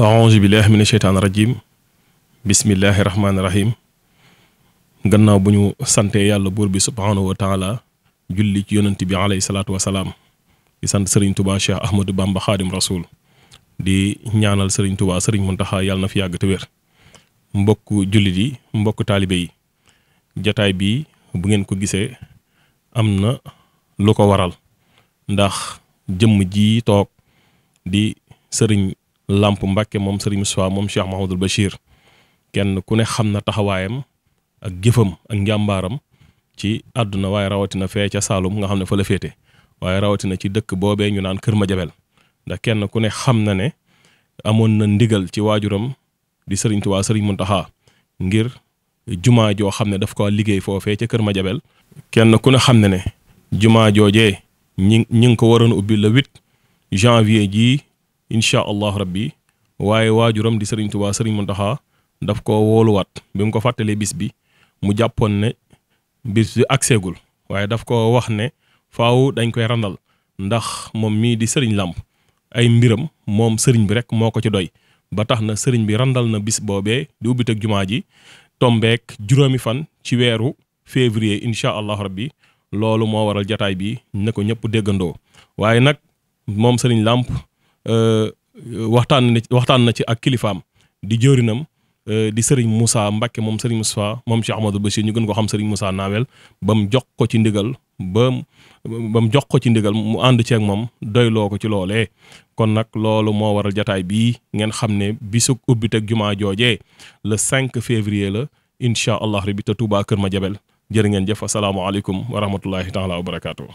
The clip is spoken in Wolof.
aouzu billahi mina sheytaani rajim bismillahi rahmaani rahim gannaaw bu ñu santee yàlla buur bi subhaanahu wa taala julli ci yonent bi alayhi salaatu wasalaam di sant sëriñ tubaa cheikh ahmadou bamba xaadim rasul di ñaanal sëriñ tubaa sëriñ muntaxa yàlla na fi yàgg te wér mbokk jullit yi mbokk taalibe yi jataay bi bu ngeen ko gisee am na lu ko waral ndax jëmm ji toog di sëriñ Lamp Mbacke moom Serigne Moustapha moom Cheikh Mahamadul Bachir kenn ku ne xam na taxawaayam ak jëfam ak njàmbaaram ci àdduna waaye rawatina fee ca Saalum nga xam ne fa la féete waaye rawatina ci dëkk boobee ñu naan Kër ma Madiabel ndax kenn ku ne xam na ne amoon na ndigal ci waajuram di Serigne Touba mun taxa ngir jumaa joo xam ne daf ko liggéey foofee ca Kër ma Madiabel kenn ku ne xam na ne jumaa joojee ñi ñi ngi ko waroon ubbi le 8 janvier jii. incha allah rabbi waaye waajuram di sëriñ waa sëriñ Muntaxa daf ko wooluwaat bi mu ko fàttalee bis bi mu jàppoon ne bis bi ak waaye daf ko wax ne faw dañ koy randal ndax moom mii di sëriñ làmp ay mbiram moom sëriñ bi rek moo ko ci doy ba tax na sëriñ bi randal na bis boobee di ubbit ak jumaa ji tombeek juróomi fan ci weeru février incha allah rabbi loolu moo waral jataay bi ne ko ñëpp déggandoo waaye nag moom sëriñ làmp Euh, waxtaan na waxtaan na ci ak kilifaam di jëwrinam euh, di sëriñ Moussa Mbacke moom sëriñ Moussa moom si Cheikh Ahmadou Bachir ñu gën ko xam sëriñ Moussa Nawel ba mu jox ko ci ndigal ba mu jox ko ci ndigal mu ànd ceeg moom doyloo ko ci loolee. kon nag loolu moo waral jataay bii ngeen xam ne bisug ubbiteg jumaa joojee le 5 février la incha allah rabbi te Touba Kër Madiabel jërë ngeen jëf asalaamaaleykum wa rahmatullahi taala wa barakaatu.